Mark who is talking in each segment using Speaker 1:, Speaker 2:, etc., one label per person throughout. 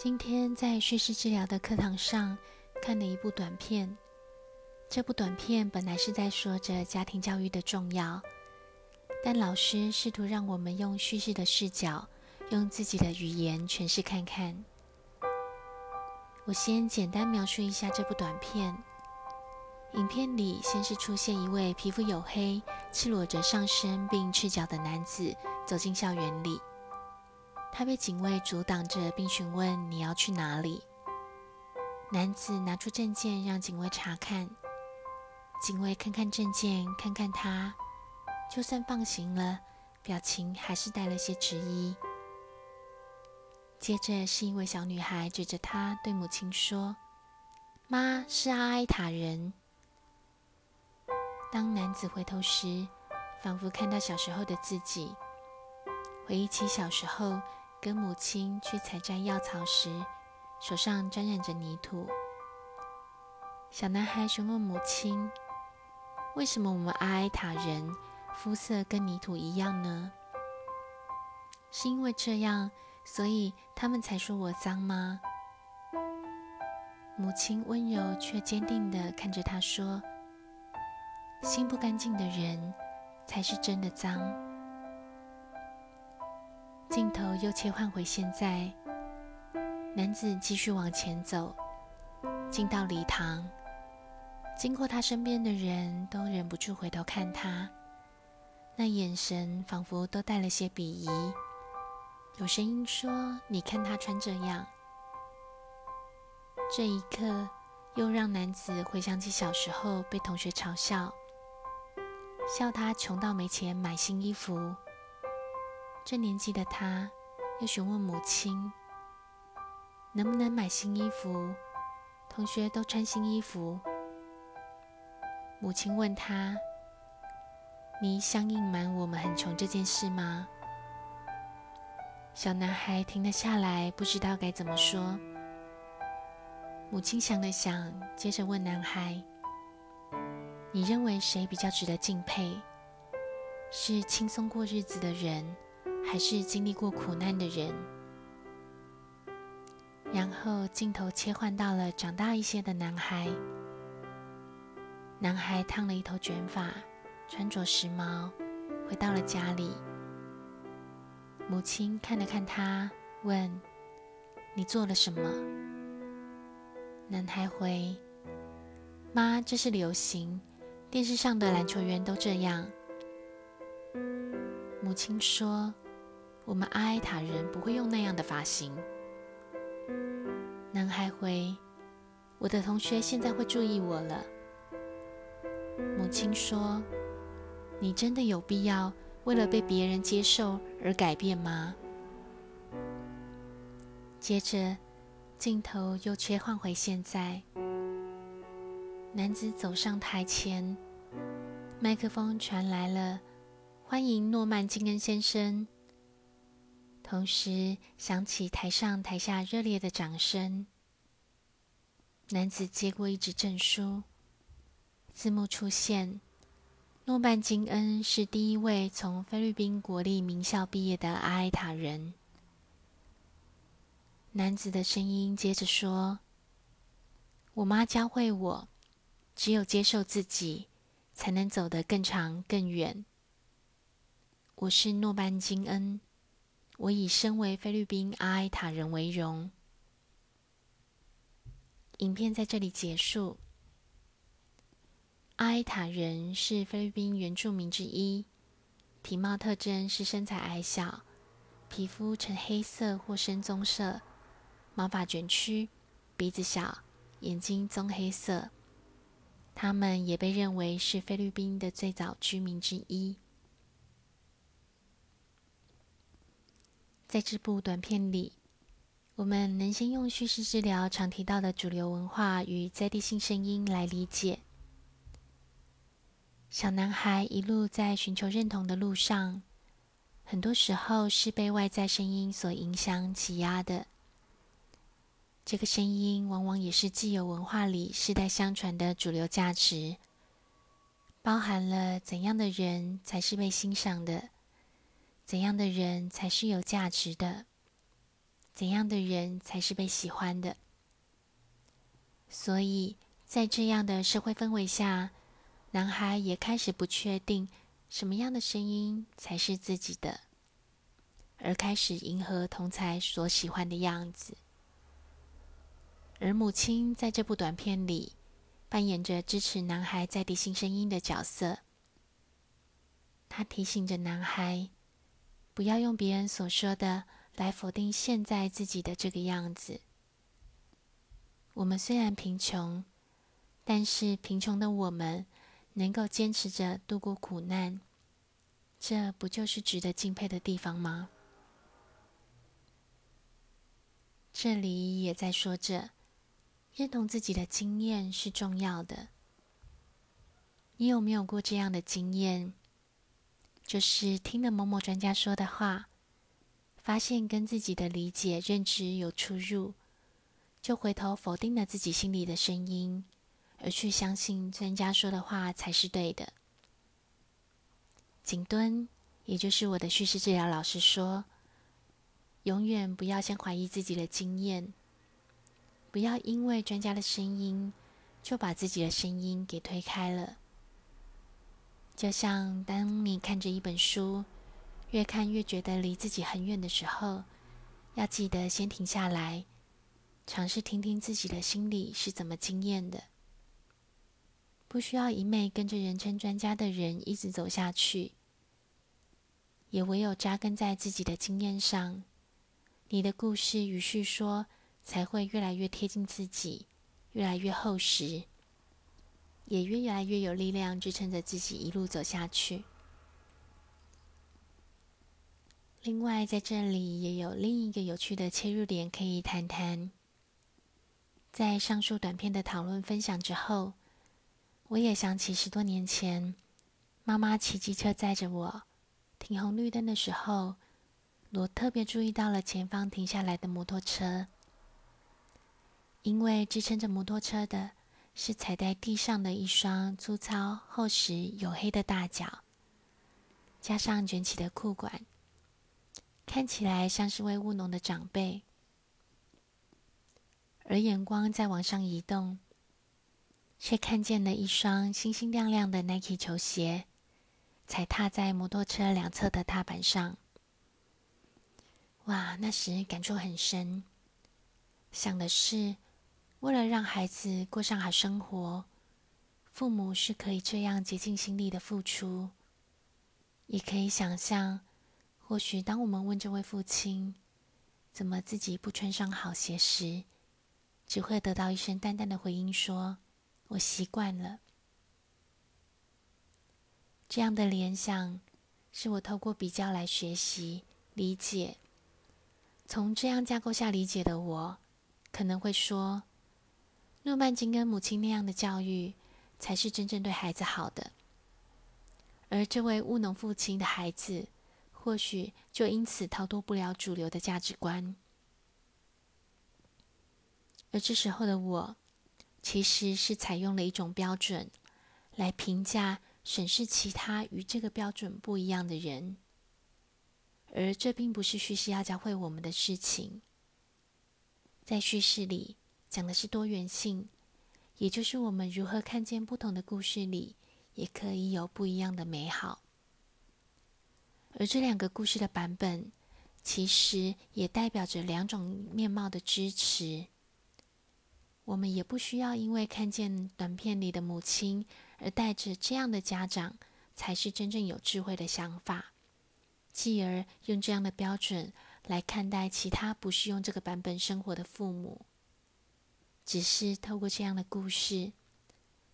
Speaker 1: 今天在敘事治療的課堂上看了一部短片。這部短片本來是在說着家庭教育的重要，但老師試圖讓我們用敘事的視角，用自己的語言詮釋看看。我先簡單描述一下這部短片。影片裡先是出現一位皮膚黝黑、赤裸着上身並赤腳的男子走進校園裡。他被警衛阻擋着，並詢問你要去哪裡。男子拿出證件讓警衛查看，警衛看看證件，看看他，就算放行了，表情還是帶了些遲疑。接着是一位小女孩指着他對母親說：“媽是阿埃塔人。”當男子回頭時，仿佛看到小時候的自己，回憶起小時候。跟母親去採摘藥草時，手上沾染着泥土。小男孩詢問母親：“為什麼我們阿埃塔人膚色跟泥土一樣呢？是因為這樣，所以他們才說我髒嗎？”母親溫柔卻堅定地看着他說：“心不乾淨的人，才是真的髒。”鏡頭又切換回現在，男子繼續往前走，進到禮堂，經過他身邊的人都忍不住回頭看他，那眼神仿佛都帶了些鄙夷。有聲音說：“你看他穿這樣。”這一刻，又讓男子回想起小時候被同學嘲笑，笑他窮到沒錢買新衣服。這年紀的他，又詢問母親：“能不能買新衣服？同學都穿新衣服。”母親問他：“你想隱瞞我們很窮這件事嗎？”小男孩停了下來，不知道該怎麼說。母親想了想，接着問男孩：“你認為誰比較值得敬佩？是輕鬆過日子的人？”還是經歷過苦難的人？”然後鏡頭切換到了長大一些的男孩，男孩燙了一頭卷髮，穿着時髦，回到了家裡。母親看了看他，問：“你做了什麼？”男孩回：“媽，這是流行，電視上的籃球員都這樣。”母親說。我們阿埃塔人不會用那樣的髮型。男孩回：“我的同學現在會注意我了。”母親說：“你真的有必要為了被別人接受而改變嗎？”接着，鏡頭又切換回現在。男子走上台前，麥克風傳來了：“歡迎諾曼·金恩先生。”同時響起台上台下熱烈的掌聲。男子接過一紙證書，字幕出現：“諾曼金恩是第一位從菲律賓國立名校畢業的阿埃塔人。”男子的聲音接着說：“我媽教會我，只有接受自己，才能走得更長更遠。我是諾曼金恩。”我以身為菲律賓阿埃塔人為榮。影片在這裡結束。阿埃塔人是菲律賓原住民之一，體貌特徵是身材矮小，皮膚呈黑色或深棕色，毛髮卷曲，鼻子小，眼睛棕黑色。他們也被認為是菲律賓的最早居民之一。在這部短片裡，我們能先用敘事治療常提到的主流文化與在地性聲音來理解。小男孩一路在尋求認同的路上，很多時候是被外在聲音所影響、擠壓的。這個聲音往往也是既有文化裡世代相傳的主流價值，包含了怎樣的人才是被欣賞的。怎樣的人才是有價值的？怎樣的人才是被喜歡的？所以，在這樣的社會氛圍下，男孩也開始不確定什麼樣的聲音才是自己的，而開始迎合同儕所喜歡的樣子。而母親在這部短片裡扮演着支持男孩在地性聲音的角色，她提醒着男孩。不要用別人所說的來否定現在自己的這個樣子。我們雖然貧窮，但是貧窮的我們能夠堅持着度過苦難，這不就是值得敬佩的地方嗎？這裡也在說着，認同自己的經驗是重要的。你有沒有過這樣的經驗？就是聽了某某專家說的話，發現跟自己的理解認知有出入，就回頭否定了自己心裡的聲音，而去相信專家說的話才是對的。景敦，也就是我的敘事治療老師說，永遠不要先懷疑自己的經驗，不要因為專家的聲音就把自己的聲音給推開了。就像當你看着一本書，越看越覺得離自己很遠的時候，要記得先停下來，嘗試聽聽自己的心裡是怎麼經驗的。不需要一味跟着人生專家的人一直走下去，也唯有扎根在自己的經驗上，你的故事與敘說才會越來越貼近自己，越來越厚實。也越來越有力量支撐着自己一路走下去。另外，在這裡也有另一個有趣的切入點可以談談。在上述短片的討論分享之後，我也想起十多年前，媽媽騎機車載着我，停紅綠燈的時候，我特別注意到了前方停下來的摩托車，因為支撐着摩托車的。是踩在地上的一雙粗糙、厚實、黝黑的大腳，加上捲起的褲管，看起來像是位務農的長輩。而眼光在往上移動，卻看見了一雙星星亮亮的 Nike 球鞋，踩踏在摩托車兩側的踏板上。哇，那時感觸很深，想的是。為了讓孩子過上好生活，父母是可以這樣竭盡心力的付出。也可以想象，或許當我們問這位父親怎麼自己不穿上好鞋時，只會得到一聲淡淡的回應說：“說我習慣了。”這樣的聯想，是我透過比較來學習理解。從這樣架構下理解的我，可能會說。諾曼金跟母親那樣的教育，才是真正對孩子好的。而這位務農父親的孩子，或許就因此逃脫不了主流的價值觀。而這時候的我，其實是採用了一種標準，來評價、審視其他與這個標準不一樣的人。而這並不是敘事要教會我們的事情。在敘事裡，講的是多元性，也就是我們如何看見不同的故事裡也可以有不一樣的美好。而這兩個故事的版本，其實也代表着兩種面貌的支持。我們也不需要因為看見短片裡的母親，而帶着這樣的家長才是真正有智慧的想法，繼而用這樣的標準來看待其他不適用這個版本生活的父母。只是透過這樣的故事，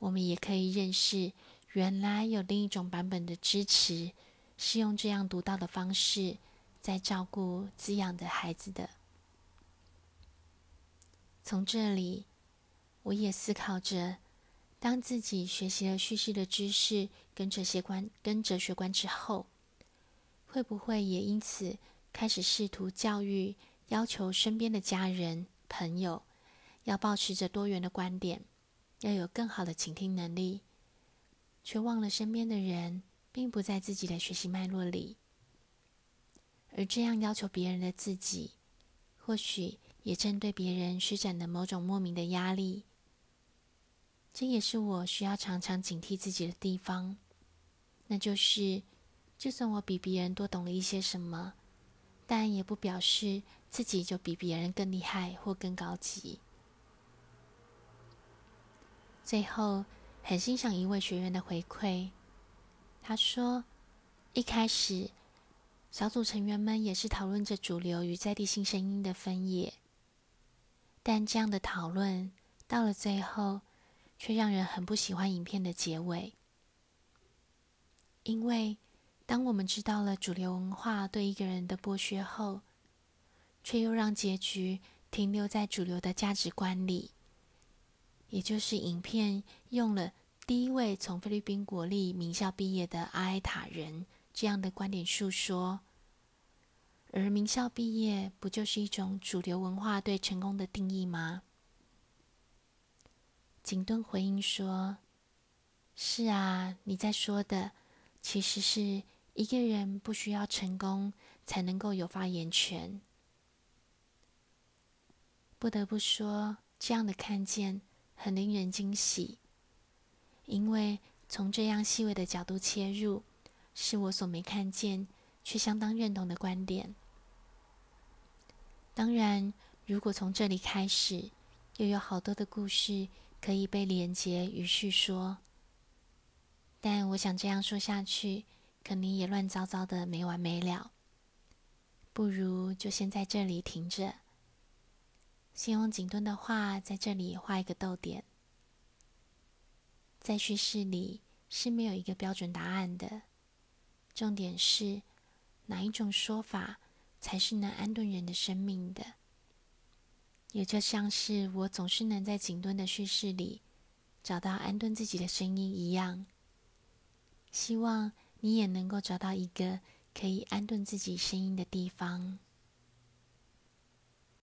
Speaker 1: 我們也可以認識原來有另一種版本的支持，是用這樣獨到的方式在照顧滋養的孩子的。從這裡，我也思考着：當自己學習了敘事的知識跟哲學觀，跟哲學觀之後，會不會也因此開始試圖教育、要求身邊的家人、朋友？要抱持着多元的觀點，要有更好的傾聽能力，卻忘了身邊的人並不在自己的學習脈絡裡。而這樣要求別人的自己，或許也正對別人施展了某種莫名的壓力。這也是我需要常常警惕自己的地方，那就是，就算我比別人多懂了一些什麼，但也不表示自己就比別人更厲害或更高級。最後，很欣賞一位學員的回饋。他說：“一開始，小組成員們也是討論着主流與在地性聲音的分野，但這樣的討論到了最後，卻讓人很不喜歡影片的結尾。因為，當我們知道了主流文化對一個人的剝削後，卻又讓結局停留在主流的價值觀裡。”也就是影片用了第一位從菲律賓國立名校畢業的阿埃塔人這樣的觀點述說，而名校畢業不就是一種主流文化對成功的定義嗎？景敦回應說：“是啊，你在說的其實是一個人不需要成功才能夠有發言權。”不得不說，這樣的看見，很令人驚喜，因為從這樣細微的角度切入，是我所沒看見卻相當認同的觀點。當然，如果從這裡開始，又有好多的故事可以被連結與敘說，但我想這樣說下去，肯定也亂糟糟的沒完沒了。不如就先在這裡停着。先用錦敦的話在這裡畫一個逗點。在敘事裡是沒有一個標準答案的，重點是哪一種說法才是能安頓人的生命的。也就像是我總是能在錦敦的敘事裡找到安頓自己的聲音一樣，希望你也能夠找到一個可以安頓自己聲音的地方。